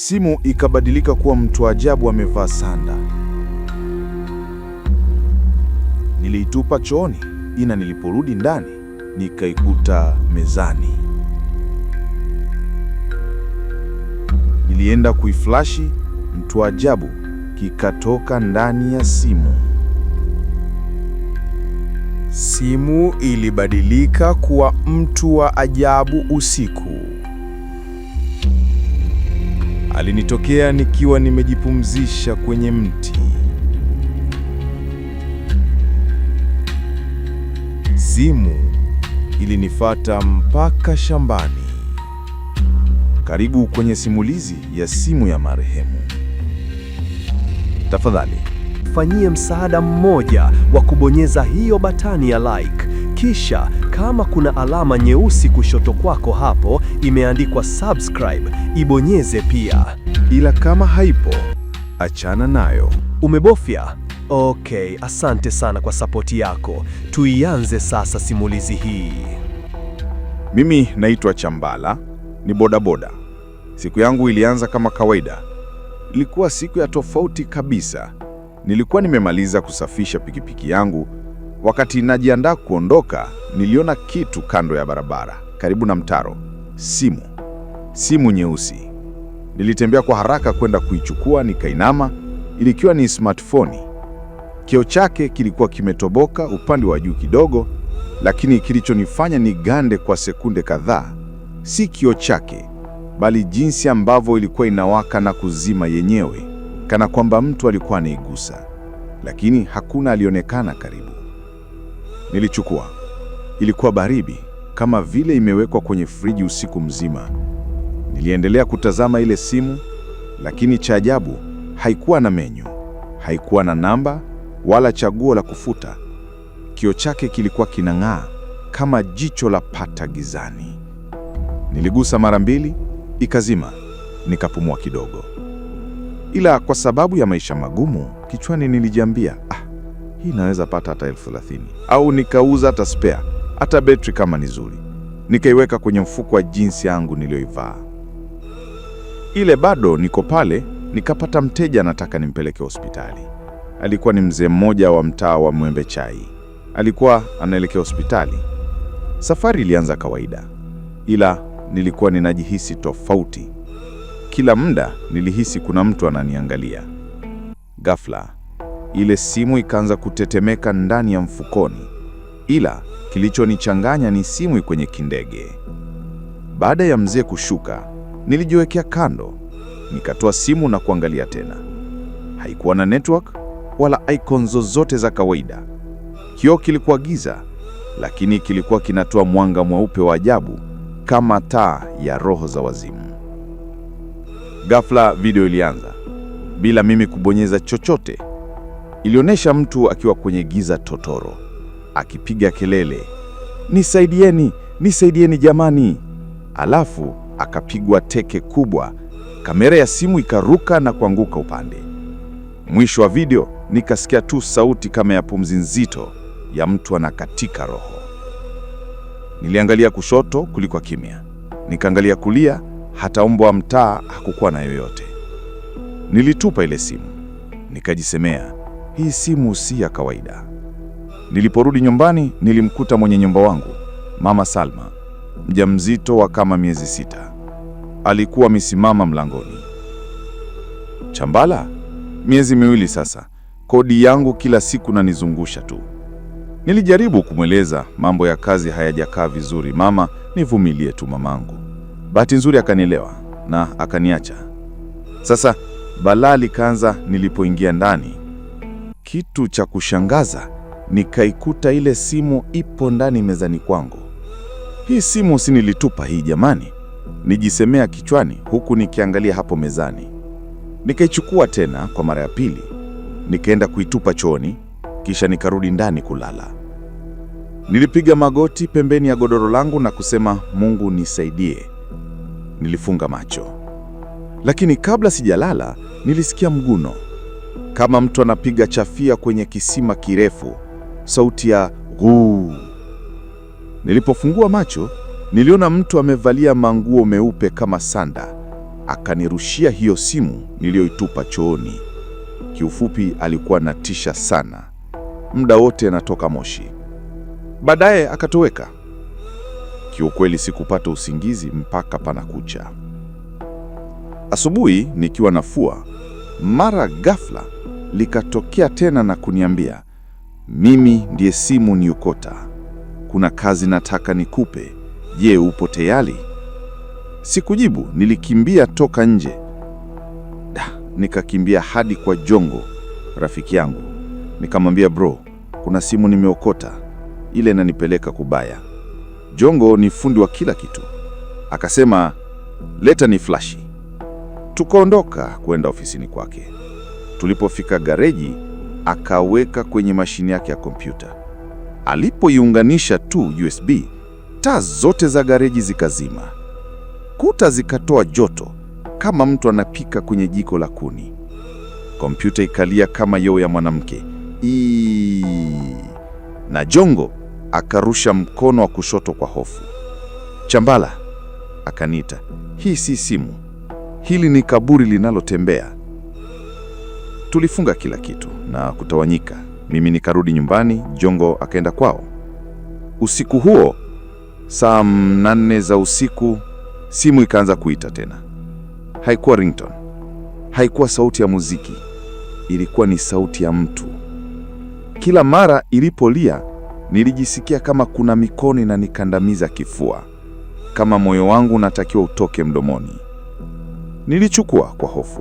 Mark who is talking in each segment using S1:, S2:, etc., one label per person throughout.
S1: Simu ikabadilika kuwa mtu ajabu amevaa sanda. Niliitupa chooni, ina niliporudi ndani nikaikuta mezani. Nilienda kuiflashi, mtu ajabu kikatoka ndani ya simu. Simu ilibadilika kuwa mtu wa ajabu usiku alinitokea nikiwa nimejipumzisha kwenye mti. Simu ilinifata mpaka shambani. Karibu kwenye simulizi ya simu ya marehemu. Tafadhali
S2: fanyie msaada mmoja wa kubonyeza hiyo batani ya like kisha kama kuna alama nyeusi kushoto kwako hapo imeandikwa subscribe, ibonyeze pia.
S1: Ila kama haipo, achana nayo.
S2: Umebofya? Okay, asante sana kwa sapoti yako. Tuianze sasa simulizi hii.
S1: Mimi naitwa Chambala, ni bodaboda. Siku yangu ilianza kama kawaida. Ilikuwa siku ya tofauti kabisa. Nilikuwa nimemaliza kusafisha pikipiki yangu Wakati najiandaa kuondoka, niliona kitu kando ya barabara karibu na mtaro, simu, simu nyeusi. Nilitembea kwa haraka kwenda kuichukua, nikainama. Ilikuwa ni smartphone. kio chake kilikuwa kimetoboka upande wa juu kidogo, lakini kilichonifanya nigande kwa sekunde kadhaa si kio chake, bali jinsi ambavyo ilikuwa inawaka na kuzima yenyewe, kana kwamba mtu alikuwa anaigusa, lakini hakuna alionekana karibu. Nilichukua. Ilikuwa baridi kama vile imewekwa kwenye friji usiku mzima. Niliendelea kutazama ile simu, lakini cha ajabu, haikuwa na menyu, haikuwa na namba wala chaguo la kufuta. kio chake kilikuwa kinang'aa kama jicho la pata gizani. Niligusa mara mbili, ikazima. Nikapumua kidogo, ila kwa sababu ya maisha magumu kichwani, nilijiambia ah, hii naweza pata hata elfu thelathini au nikauza hata spare hata betri kama ni zuri, nikaiweka kwenye mfuko wa jinsi yangu niliyoivaa ile. Bado niko pale, nikapata mteja anataka nimpeleke hospitali. Alikuwa ni mzee mmoja wa mtaa wa Mwembe Chai, alikuwa anaelekea hospitali. Safari ilianza kawaida, ila nilikuwa ninajihisi tofauti. Kila muda nilihisi kuna mtu ananiangalia. Ghafla ile simu ikaanza kutetemeka ndani ya mfukoni, ila kilichonichanganya ni simu kwenye kindege. Baada ya mzee kushuka, nilijiwekea kando, nikatoa simu na kuangalia tena. Haikuwa na network wala icon zozote za kawaida. Kioo kilikuwa giza, lakini kilikuwa kinatoa mwanga mweupe wa ajabu kama taa ya roho za wazimu. Ghafla video ilianza bila mimi kubonyeza chochote. Ilionyesha mtu akiwa kwenye giza totoro akipiga kelele, nisaidieni, nisaidieni jamani! Alafu akapigwa teke kubwa, kamera ya simu ikaruka na kuanguka upande. Mwisho wa video nikasikia tu sauti kama ya pumzi nzito ya mtu anakatika roho. Niliangalia kushoto, kulikuwa kimya. Nikaangalia kulia, hata mbwa wa mtaa hakukuwa na yoyote. Nilitupa ile simu nikajisemea hii simu si ya kawaida. Niliporudi nyumbani, nilimkuta mwenye nyumba wangu, Mama Salma, mjamzito wa kama miezi sita. Alikuwa amesimama mlangoni. Chambala, miezi miwili sasa, kodi yangu kila siku nanizungusha tu. Nilijaribu kumweleza mambo ya kazi hayajakaa vizuri, mama, nivumilie tu mamangu. Bahati nzuri akanielewa na akaniacha. Sasa balaa likaanza nilipoingia ndani kitu cha kushangaza, nikaikuta ile simu ipo ndani mezani kwangu. Hii simu si nilitupa hii jamani, nijisemea kichwani, huku nikiangalia hapo mezani. Nikaichukua tena kwa mara ya pili, nikaenda kuitupa chooni, kisha nikarudi ndani kulala. Nilipiga magoti pembeni ya godoro langu na kusema, Mungu nisaidie. Nilifunga macho, lakini kabla sijalala nilisikia mguno kama mtu anapiga chafia kwenye kisima kirefu, sauti ya guu. Nilipofungua macho, niliona mtu amevalia manguo meupe kama sanda, akanirushia hiyo simu niliyoitupa chooni. Kiufupi, alikuwa natisha sana, muda wote anatoka moshi. Baadaye akatoweka. Kiukweli sikupata usingizi mpaka panakucha. Asubuhi nikiwa nafua mara ghafla likatokea tena na kuniambia, mimi ndiye Simu Niukota, kuna kazi nataka nikupe. Je, upo tayari? Sikujibu, nilikimbia toka nje. Da, nikakimbia hadi kwa Jongo rafiki yangu, nikamwambia bro, kuna simu nimeokota, ile inanipeleka kubaya. Jongo ni fundi wa kila kitu, akasema leta ni flashi. Tukaondoka kwenda ofisini kwake. Tulipofika gareji, akaweka kwenye mashine yake ya kompyuta. Alipoiunganisha tu USB, taa zote za gareji zikazima, kuta zikatoa joto kama mtu anapika kwenye jiko la kuni. Kompyuta ikalia kama yoo ya mwanamke Iii. Na Jongo akarusha mkono wa kushoto kwa hofu. Chambala, akaniita, hii si simu hili ni kaburi linalotembea. Tulifunga kila kitu na kutawanyika. Mimi nikarudi nyumbani, Jongo akaenda kwao. Usiku huo saa nane za usiku, simu ikaanza kuita tena. Haikuwa ringtone, haikuwa sauti ya muziki, ilikuwa ni sauti ya mtu. Kila mara ilipolia, nilijisikia kama kuna mikono inanikandamiza kifua, kama moyo wangu unatakiwa utoke mdomoni. Nilichukua kwa hofu.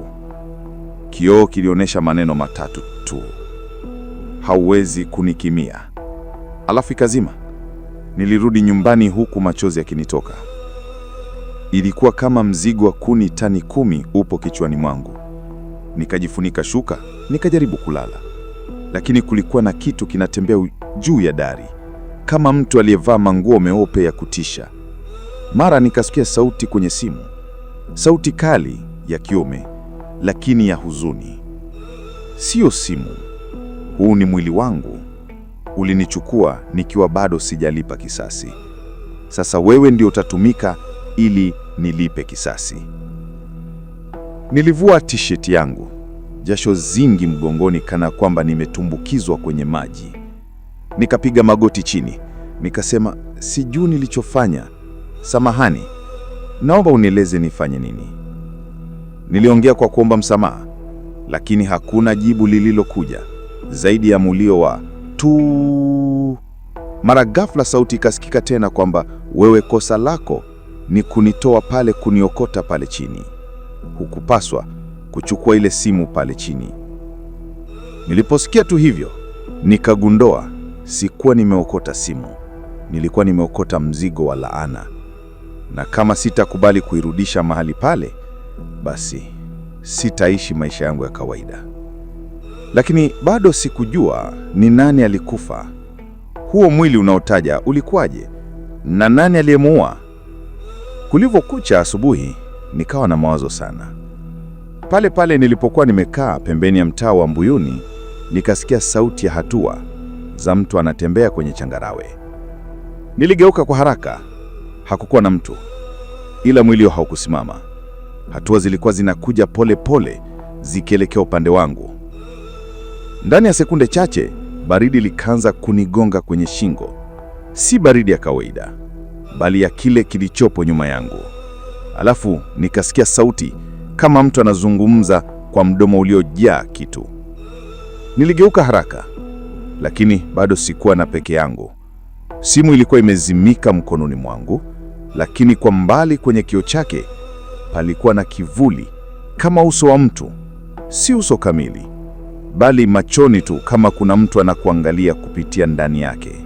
S1: Kioo kilionyesha maneno matatu tu: hauwezi kunikimia. Alafu ikazima. Nilirudi nyumbani huku machozi yakinitoka. Ilikuwa kama mzigo wa kuni tani kumi upo kichwani mwangu. Nikajifunika shuka, nikajaribu kulala, lakini kulikuwa na kitu kinatembea juu ya dari kama mtu aliyevaa manguo meupe ya kutisha. Mara nikasikia sauti kwenye simu sauti kali ya kiume, lakini ya huzuni. Siyo simu, huu ni mwili wangu. Ulinichukua nikiwa bado sijalipa kisasi. Sasa wewe ndio utatumika ili nilipe kisasi. Nilivua t-shirt yangu, jasho zingi mgongoni, kana kwamba nimetumbukizwa kwenye maji. Nikapiga magoti chini, nikasema sijui nilichofanya, samahani naomba unieleze nifanye nini. Niliongea kwa kuomba msamaha, lakini hakuna jibu lililokuja zaidi ya mulio wa tu. Mara ghafla sauti ikasikika tena kwamba wewe, kosa lako ni kunitoa pale, kuniokota pale chini. Hukupaswa kuchukua ile simu pale chini. Niliposikia tu hivyo, nikagundua sikuwa nimeokota simu, nilikuwa nimeokota mzigo wa laana na kama sitakubali kuirudisha mahali pale, basi sitaishi maisha yangu ya kawaida. Lakini bado sikujua ni nani alikufa, huo mwili unaotaja ulikuwaje, na nani aliyemuua. Kulivyokucha asubuhi, nikawa na mawazo sana. Pale pale nilipokuwa nimekaa pembeni ya mtaa wa Mbuyuni, nikasikia sauti ya hatua za mtu anatembea kwenye changarawe. Niligeuka kwa haraka hakukuwa na mtu, ila mwilio haukusimama. Hatua zilikuwa zinakuja pole pole, zikielekea upande wangu. Ndani ya sekunde chache, baridi likaanza kunigonga kwenye shingo, si baridi ya kawaida, bali ya kile kilichopo nyuma yangu. Alafu nikasikia sauti kama mtu anazungumza kwa mdomo uliojaa kitu. Niligeuka haraka, lakini bado sikuwa na peke yangu. Simu ilikuwa imezimika mkononi mwangu lakini kwa mbali kwenye kio chake palikuwa na kivuli kama uso wa mtu, si uso kamili, bali machoni tu, kama kuna mtu anakuangalia kupitia ndani yake.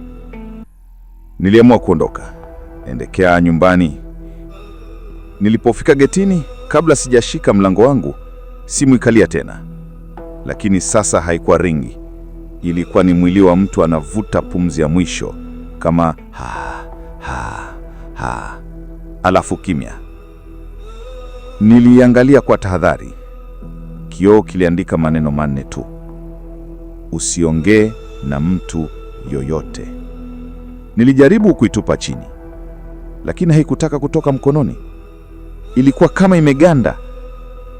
S1: Niliamua kuondoka, endekea nyumbani. Nilipofika getini, kabla sijashika mlango wangu, simu ikalia tena, lakini sasa haikuwa ringi, ilikuwa ni mwili wa mtu anavuta pumzi ya mwisho kama ha, ha, ha alafu kimya. Niliangalia kwa tahadhari. Kioo kiliandika maneno manne tu: usiongee na mtu yoyote. Nilijaribu kuitupa chini, lakini haikutaka kutoka mkononi. Ilikuwa kama imeganda.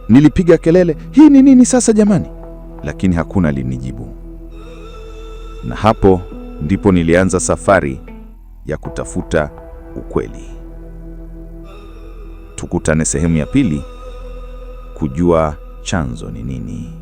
S1: Nilipiga kelele, hii ni nini sasa jamani? Lakini hakuna alinijibu, na hapo ndipo nilianza safari ya kutafuta ukweli tukutane sehemu ya pili kujua chanzo ni nini.